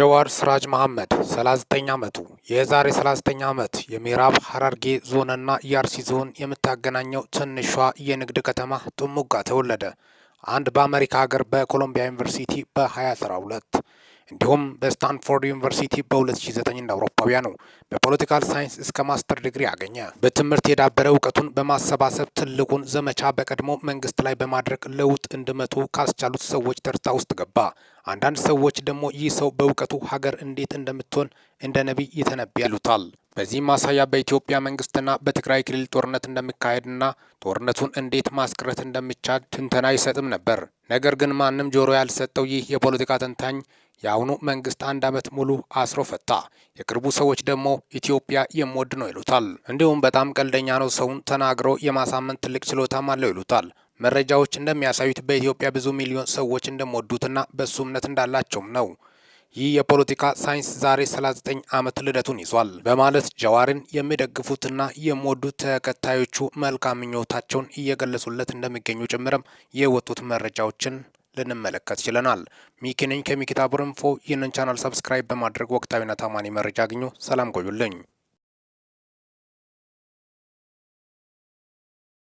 ጀዋር ስራጅ መሐመድ 39 ዓመቱ የዛሬ 39 ዓመት የምዕራብ ሐረርጌ ዞንና የአርሲ ዞን የምታገናኘው ትንሿ የንግድ ከተማ ጥሙጋ ተወለደ። አንድ በአሜሪካ ሀገር በኮሎምቢያ ዩኒቨርሲቲ በ2012 እንዲሁም በስታንፎርድ ዩኒቨርሲቲ በ2009 እንደ ነው በፖለቲካል ሳይንስ እስከ ማስተር ዲግሪ አገኘ። በትምህርት የዳበረ እውቀቱን በማሰባሰብ ትልቁን ዘመቻ በቀድሞ መንግስት ላይ በማድረግ ለውጥ እንዲመጡ ካስቻሉት ሰዎች ተርታ ውስጥ ገባ። አንዳንድ ሰዎች ደግሞ ይህ ሰው በእውቀቱ ሀገር እንዴት እንደምትሆን እንደ ነቢይ ይተነብያሉታል። በዚህ ማሳያ በኢትዮጵያ መንግስትና በትግራይ ክልል ጦርነት እንደሚካሄድና ጦርነቱን እንዴት ማስቀረት እንደሚቻል ትንተና ይሰጥም ነበር። ነገር ግን ማንም ጆሮ ያልሰጠው ይህ የፖለቲካ ተንታኝ የአሁኑ መንግስት አንድ ዓመት ሙሉ አስሮ ፈታ፣ የቅርቡ ሰዎች ደግሞ ኢትዮጵያ የምወድ ነው ይሉታል። እንዲሁም በጣም ቀልደኛ ነው፣ ሰውን ተናግሮ የማሳመን ትልቅ ችሎታም አለው ይሉታል። መረጃዎች እንደሚያሳዩት በኢትዮጵያ ብዙ ሚሊዮን ሰዎች እንደሚወዱትና በእሱ እምነት እንዳላቸውም ነው። ይህ የፖለቲካ ሳይንስ ዛሬ 39 ዓመት ልደቱን ይዟል በማለት ጀዋርን የሚደግፉትና የሚወዱት ተከታዮቹ መልካም ምኞታቸውን እየገለጹለት እንደሚገኙ ጭምርም የወጡት መረጃዎችን ልንመለከት ችለናል። ሚኪነኝ ከሚኪታ ቡርንፎ። ይህንን ቻናል ሰብስክራይብ በማድረግ ወቅታዊና ታማኒ መረጃ አግኙ። ሰላም ቆዩልኝ።